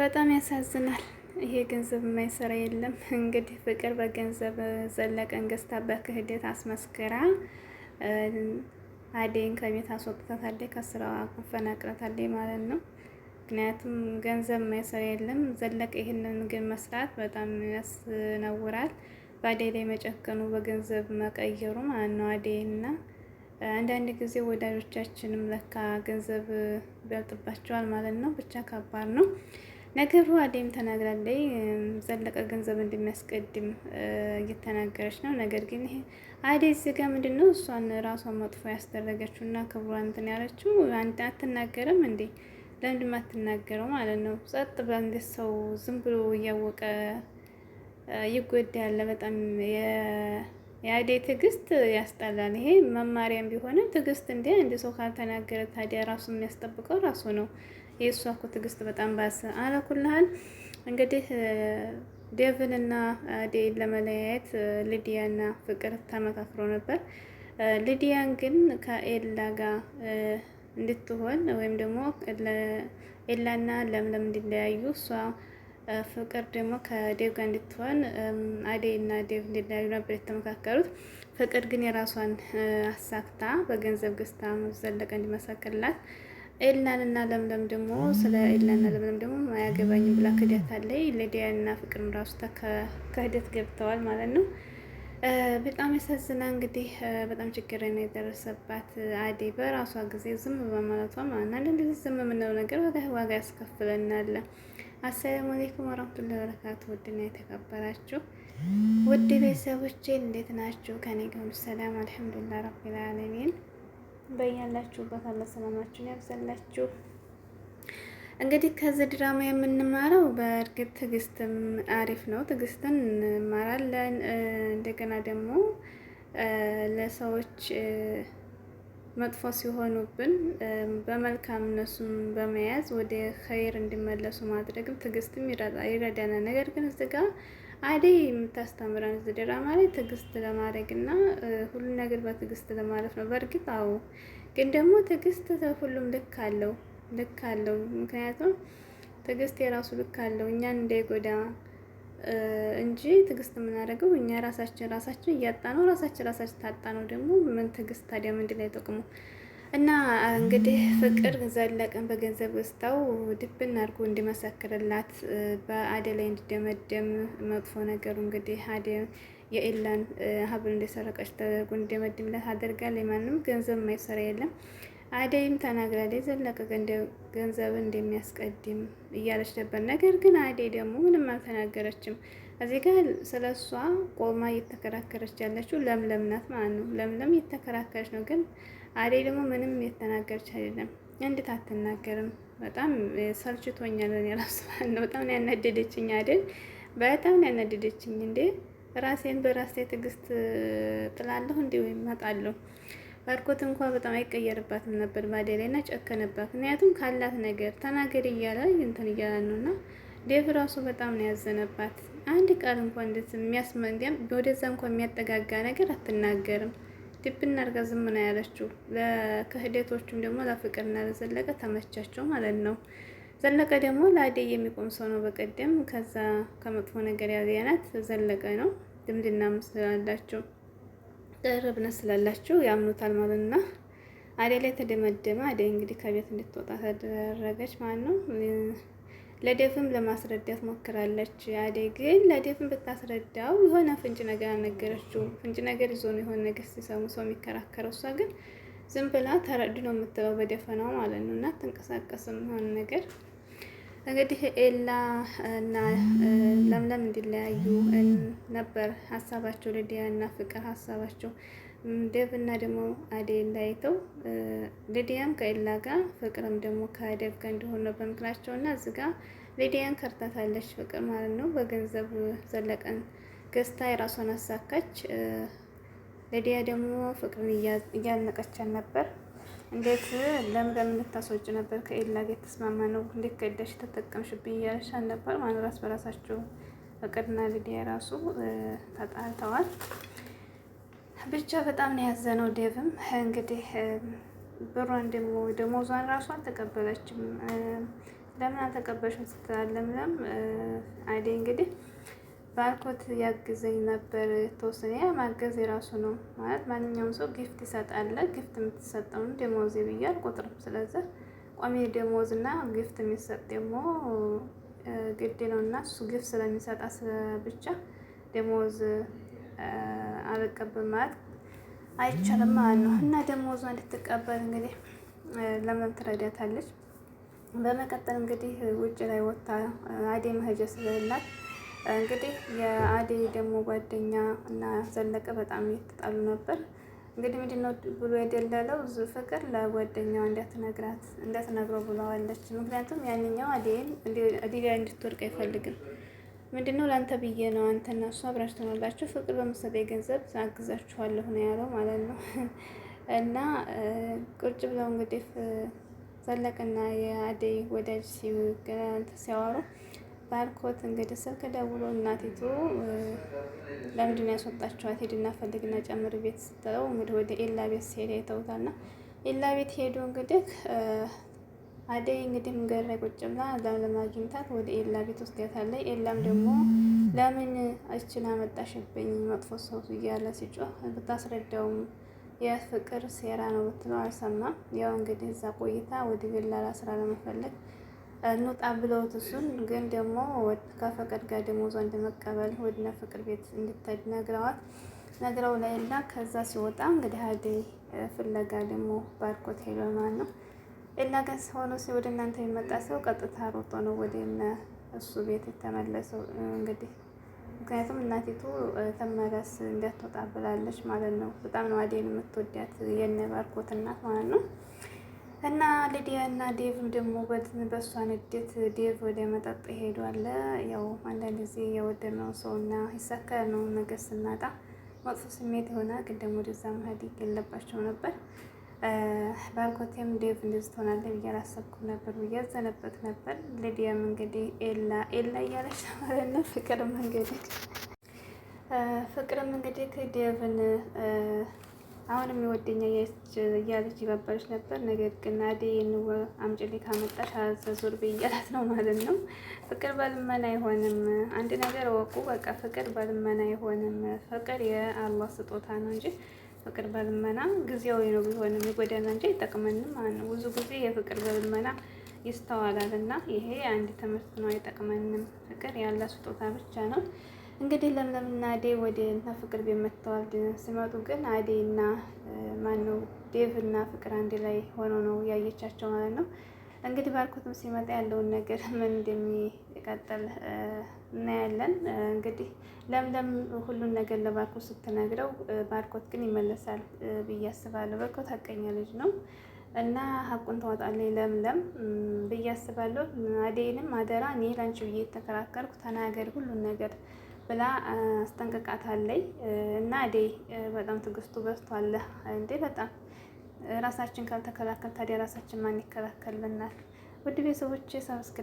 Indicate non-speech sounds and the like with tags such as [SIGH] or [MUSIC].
በጣም ያሳዝናል። ይሄ ገንዘብ የማይሰራ የለም። እንግዲህ ፍቅር በገንዘብ ዘለቀን ገዝታ በክህደት አስመስክራ አዴን ከቤት አስወጥታታለች፣ ከስራዋ አፈናቅራታለች ማለት ነው። ምክንያቱም ገንዘብ የማይሰራ የለም። ዘለቀ ይህንን ግን መስራት በጣም ያስነውራል። በአዴ ላይ መጨከኑ በገንዘብ መቀየሩ ማለት ነው። አዴ እና አንዳንድ ጊዜ ወዳጆቻችንም ለካ ገንዘብ ይበልጥባቸዋል ማለት ነው። ብቻ ከባድ ነው። ነገሩ አደይም ተናግራለች። ዘለቀ ገንዘብ እንደሚያስቀድም እየተናገረች ነው። ነገር ግን ይሄ አደይ እዚህ ጋ ምንድን ነው እሷን ራሷን መጥፎ ያስደረገችው እና ክብሯ እንትን ያለችው አትናገርም እንዴ? ለምንድን አትናገረው ማለት ነው? ጸጥ ብላ ሰው ዝም ብሎ እያወቀ ይጎዳ ያለ በጣም የአደይ ትዕግስት ያስጠላል። ይሄ መማሪያም ቢሆንም ትዕግስት እንዲ አንድ ሰው ካልተናገረ ታዲያ ራሱ የሚያስጠብቀው ራሱ ነው። የእሷ እኮ ትዕግስት በጣም ባሰ። አለኩልሃል እንግዲህ ዴቭንና አዴይን ለመለያየት ልዲያና ፍቅር ተመካክሮ ነበር። ሊዲያን ግን ከኤላ ጋር እንድትሆን ወይም ደግሞ ኤላና ለምለም እንዲለያዩ እሷ ፍቅር ደግሞ ከዴቭ ጋር እንድትሆን አዴይና ዴቭ እንዲለያዩ ነበር የተመካከሩት። ፍቅር ግን የራሷን አሳክታ በገንዘብ ገዝታ ዘለቀ እንዲመሰክርላት ኤላን እና ለምለም ደግሞ ስለ ኤላና ለምለም ደግሞ አያገባኝም ብላ ክደት አለ። ለዲያ እና ፍቅርም ራሱ ከህደት ገብተዋል ማለት ነው። በጣም ያሳዝና እንግዲህ በጣም ችግር ነው የደረሰባት። አዴ በራሷ ጊዜ ዝም በማለቷ ማለት ነው። ዝም የምንለው ነገር ዋጋ ያስከፍለናል። አሰላሙ አሌይኩም ወራህመቱላሂ ወበረካቱ። ውድና የተከበራችሁ ውድ ቤተሰቦቼ እንዴት ናችሁ? ከኔ ጋር ሰላም አልሐምዱሊላህ ረቢል አለሚን በያላችሁበት አላህ ሰላማችሁን ያብዛላችሁ። እንግዲህ ከዚህ ድራማ የምንማረው በእርግጥ ትዕግስትም አሪፍ ነው። ትዕግስትን እንማራለን። እንደገና ደግሞ ለሰዎች መጥፎ ሲሆኑብን በመልካም እነሱን በመያዝ ወደ ኸይር እንዲመለሱ ማድረግም ትዕግስትም ይረዳናል። ነገር ግን እዚህ ጋር አደይ የምታስተምረን እዚህ ድራማ ላይ ትዕግስት ለማድረግ እና ሁሉን ነገር በትዕግስት ለማለፍ ነው። በእርግጥ አዎ፣ ግን ደግሞ ትዕግስት ሁሉም ልክ አለው ልክ አለው። ምክንያቱም ትዕግስት የራሱ ልክ አለው እኛን እንዳይጎዳ እንጂ ትዕግስት የምናደርገው እኛ ራሳችን ራሳችን እያጣ ነው ራሳችን ራሳችን ታጣ ነው ደግሞ ምን ትዕግስት ታዲያ ምንድን ላይ ጥቅሙ? እና እንግዲህ ፍቅር ዘለቀን በገንዘብ ገዝታው ድብን አድርጎ እንዲመሰክርላት በአደላይ ላይ እንዲደመደም መጥፎ ነገሩ እንግዲህ አደይ የኢላን ሀብል እንደሰረቀች ተደርጎ እንዲደመድምላት አደርጋለች። ማንም ገንዘብ የማይሰራ የለም። አደይም ተናግራለች ዘለቀ ገንዘብ እንደሚያስቀድም እያለች ነበር። ነገር ግን አደይ ደግሞ ምንም አልተናገረችም። እዚህ ጋር ስለ እሷ ቆማ እየተከራከረች ያለችው ለምለም ናት ማለት ነው። ለምለም እየተከራከረች ነው ግን አዴ ደግሞ ምንም የተናገረች አይደለም። እንዴት አትናገርም? በጣም ሰልችቶኛል። እኔ ራሱ በጣም ነው ያናደደችኝ አይደል? በጣም ነው ያናደደችኝ። እንዴ ራሴን በራሴ ትዕግስት ጥላለሁ እንዴ ወይም እመጣለሁ። ባርኮት እንኳ በጣም አይቀየርባትም ነበር ባዴ ላይ እና ጨከነባት። ምክንያቱም ካላት ነገር ተናገር እያለ እንትን እያለ ነው እና ዴቭ ራሱ በጣም ነው ያዘነባት። አንድ ቃል እንኳ እንደዚህ የሚያስመንዲያም ወደዛ እንኳ የሚያጠጋጋ ነገር አትናገርም ድብና እናርጋ ዝም ነው ያለችው። ለክህደቶቹም ደግሞ ለፍቅርና ለዘለቀ ተመቻቸው ማለት ነው። ዘለቀ ደግሞ ለአደይ የሚቆም ሰው ነው። በቀደም ከዛ ከመጥፎ ነገር ያዘያናት ዘለቀ ነው። ድምድና ስላላቸው ቅርብነት ስላላቸው ያምኑታል ማለት እና አደይ ላይ ተደመደመ። አደይ እንግዲህ ከቤት እንድትወጣ ተደረገች ማለት ነው። ለዴፍም ለማስረዳት ሞክራለች። አደይ ግን ለዴፍም ብታስረዳው የሆነ ፍንጭ ነገር አልነገረችውም። ፍንጭ ነገር ይዞ ነው የሆነ ነገር ሲሰሙ ሰው የሚከራከረው። እሷ ግን ዝም ብላ ተረድ ነው የምትለው በደፈናው ማለት ነው። እና ትንቀሳቀስም የሆነ ነገር እንግዲህ ኤላ እና ለምለም እንዲለያዩ ነበር ሀሳባቸው። ልዲያ እና ፍቅር ሀሳባቸው ደብ እና ደግሞ አደይ እንዳይተው ሊዲያም ከኤላ ጋር ፍቅርም ደግሞ ከአደብ ጋር እንደሆነ ነው በምክራቸው እና እዚህ ጋር ሊዲያን ከርታታለች ፍቅር ማለት ነው። በገንዘብ ዘለቀን ገዝታ የራሷን አሳካች። ሊዲያ ደግሞ ፍቅርን እያነቀቻን ነበር። እንዴት ለምለም እንታስወጭ ነበር ከኤላ ጋር የተስማማ ነው እንዴት ከደሽ ተጠቀምሽብኝ እያለሻን ነበር ማን ራስ በራሳቸው ፍቅርና ሊዲያ ራሱ ተጣልተዋል። ብቻ በጣም ነው ያዘነው። ዴቭም እንግዲህ ብሯን ደሞ ደሞዟን ራሱ አልተቀበለችም። ለምን አልተቀበለችም ስትላል ለምለም አይዴ እንግዲህ ባርኮት ያግዘኝ ነበር ተወሰነ። ያ ማገዝ የራሱ ነው ማለት ማንኛውም ሰው ጊፍት ይሰጣል። ጊፍት የምትሰጠውን ደሞዝ ብዬ አልቆጥርም። ስለዚህ ቋሚ ደሞዝ እና ጊፍት የሚሰጥ ደግሞ ግድ ነው እና እሱ ጊፍት ስለሚሰጣ ብቻ ደሞዝ አልቀበል ማለት አይቻልም ማለት ነው። እና ደሞዟ እንድትቀበል እንግዲህ ለምን ትረዳታለች። በመቀጠል እንግዲህ ውጭ ላይ ወጥታ አዴ መሄጃ ስለላት እንግዲህ የአዴ ደግሞ ጓደኛ እና ዘለቀ በጣም የተጣሉ ነበር። እንግዲህ ምንድነው ብሎ የደለለው ፍቅር ለጓደኛ እንዳትነግራት እንዳትነግረው ብለዋለች። ምክንያቱም ያንኛው አዴን ዲላ እንድትወርቅ አይፈልግም። ምንድን ነው ለአንተ ብዬ ነው አንተ እና እሱ አብራችሁ ትኖራላችሁ ፍቅር በመሰጠኝ ገንዘብ አግዛችኋለሁ ነው ያለው ማለት ነው። [LAUGHS] እና ቁጭ ብለው እንግዲህ ዘለቀና የአደይ ወዳጅ ሲያወሩ ባርኮት እንግዲህ ስልክ ደውሎ እናቲቱ ለምንድን ያስወጣችኋት ሄድና ፈልግና ጨምር ቤት ስትለው እንግዲህ ወደ ኤላ ቤት ሲሄድ አይተውታልና ኤላ ቤት ሄዱ እንግዲህ አደይ እንግዲህ መንገድ ላይ ቁጭ ብላ አላም ለማግኘታት ወደ ኤላ ቤት ወስዳታለች። ኤላም ደግሞ ለምን እችን አመጣሽብኝ መጥፎ ሰው እያለ ሲጮህ ብታስረዳውም የፍቅር ሴራ ነው ብትለው አልሰማም። ያው እንግዲህ እዛ ቆይታ ወደ ቤላላ ስራ ለመፈለግ እንውጣ ብለውት እሱን ግን ደግሞ ከፈቀድ ጋር ደሞዟ እንደመቀበል ወድነ ፍቅር ቤት እንድትሄድ ነግረዋት ነግረው ለኤላ ከዛ ሲወጣ እንግዲህ አደይ ፍለጋ ደግሞ ባርኮት ሄዶ ማለት ነው። ሌላ ጋር ሆኖ ወደ እናንተ የመጣ ሰው ቀጥታ ሮጦ ነው ወደ እሱ ቤት የተመለሰው። እንግዲህ ምክንያቱም እናቲቱ ተመለስ እንዳትወጣ ብላለች ማለት ነው። በጣም ነው አዴን የምትወዳት የእነ ባርኮት እናት ማለት ነው። እና ሊዲያ እና ዴቭ ደግሞ በእሷ ንዴት ዴቭ ወደ መጠጥ ሄዷል። ያው አንዳንድ ጊዜ ሰው እና ይሳካ ነው ነገር ስናጣ መጥፎ ስሜት የሆነ ግን ደግሞ ወደዛ መሄድ የለባቸው ነበር። ባርኮቴም ዴቭ እንደዚህ ትሆናለህ ብዬ አላሰብኩም ነበር ብዬ አዘነበት ነበር። ልዲያም እንግዲህ ኤላ ኤላ እያለች ማለት ነው። ፍቅርም እንግዲህ ፍቅርም እንግዲህ ዴቭን አሁንም የወደኛ እያለች ይባባለች ነበር። ነገር ግን አዴን አምጪልኝ ካመጣሽ አዘዙር ብያላት ነው ማለት ነው። ፍቅር ባልመና አይሆንም። አንድ ነገር ወቁ። በቃ ፍቅር ባልመና አይሆንም። ፍቅር የአላህ ስጦታ ነው እንጂ ፍቅር በልመና ጊዜያዊ ነው ቢሆን የሚጎዳና እንጂ አይጠቅመንም ማለት ነው። ብዙ ጊዜ የፍቅር በልመና ይስተዋላል እና ይሄ አንድ ትምህርት ነው። አይጠቅመንም። ፍቅር ያለ ስጦታ ብቻ ነው። እንግዲህ ለምለምና አዴ ወደ እና ፍቅር ቤት መጥተዋል። ሲመጡ ግን አዴና እና ማነው ዴቭ እና ፍቅር አንድ ላይ ሆኖ ነው ያየቻቸው ማለት ነው። እንግዲህ ባርኮትም ሲመጣ ያለውን ነገር ምን እንደሚቀጥል እናያለን። እንግዲህ ለምለም ሁሉን ነገር ለባርኮት ስትነግረው ባርኮት ግን ይመለሳል ብዬ አስባለሁ። ባርኮት ሀቀኛ ልጅ ነው እና ሀቁን ተዋጣለኝ ለምለም ብዬ አስባለሁ። አዴንም አደራ እኔ ላንቺ ብዬ የተከራከርኩ ተናገር ሁሉን ነገር ብላ አስጠንቅቃታለች። እና አዴ በጣም ትዕግስቱ በዝቷል እንዴ በጣም ራሳችን ካልተከላከል ታዲያ ራሳችን ማን ይከላከልልናል? ውድ ቤተሰቦቼ ሰብስክ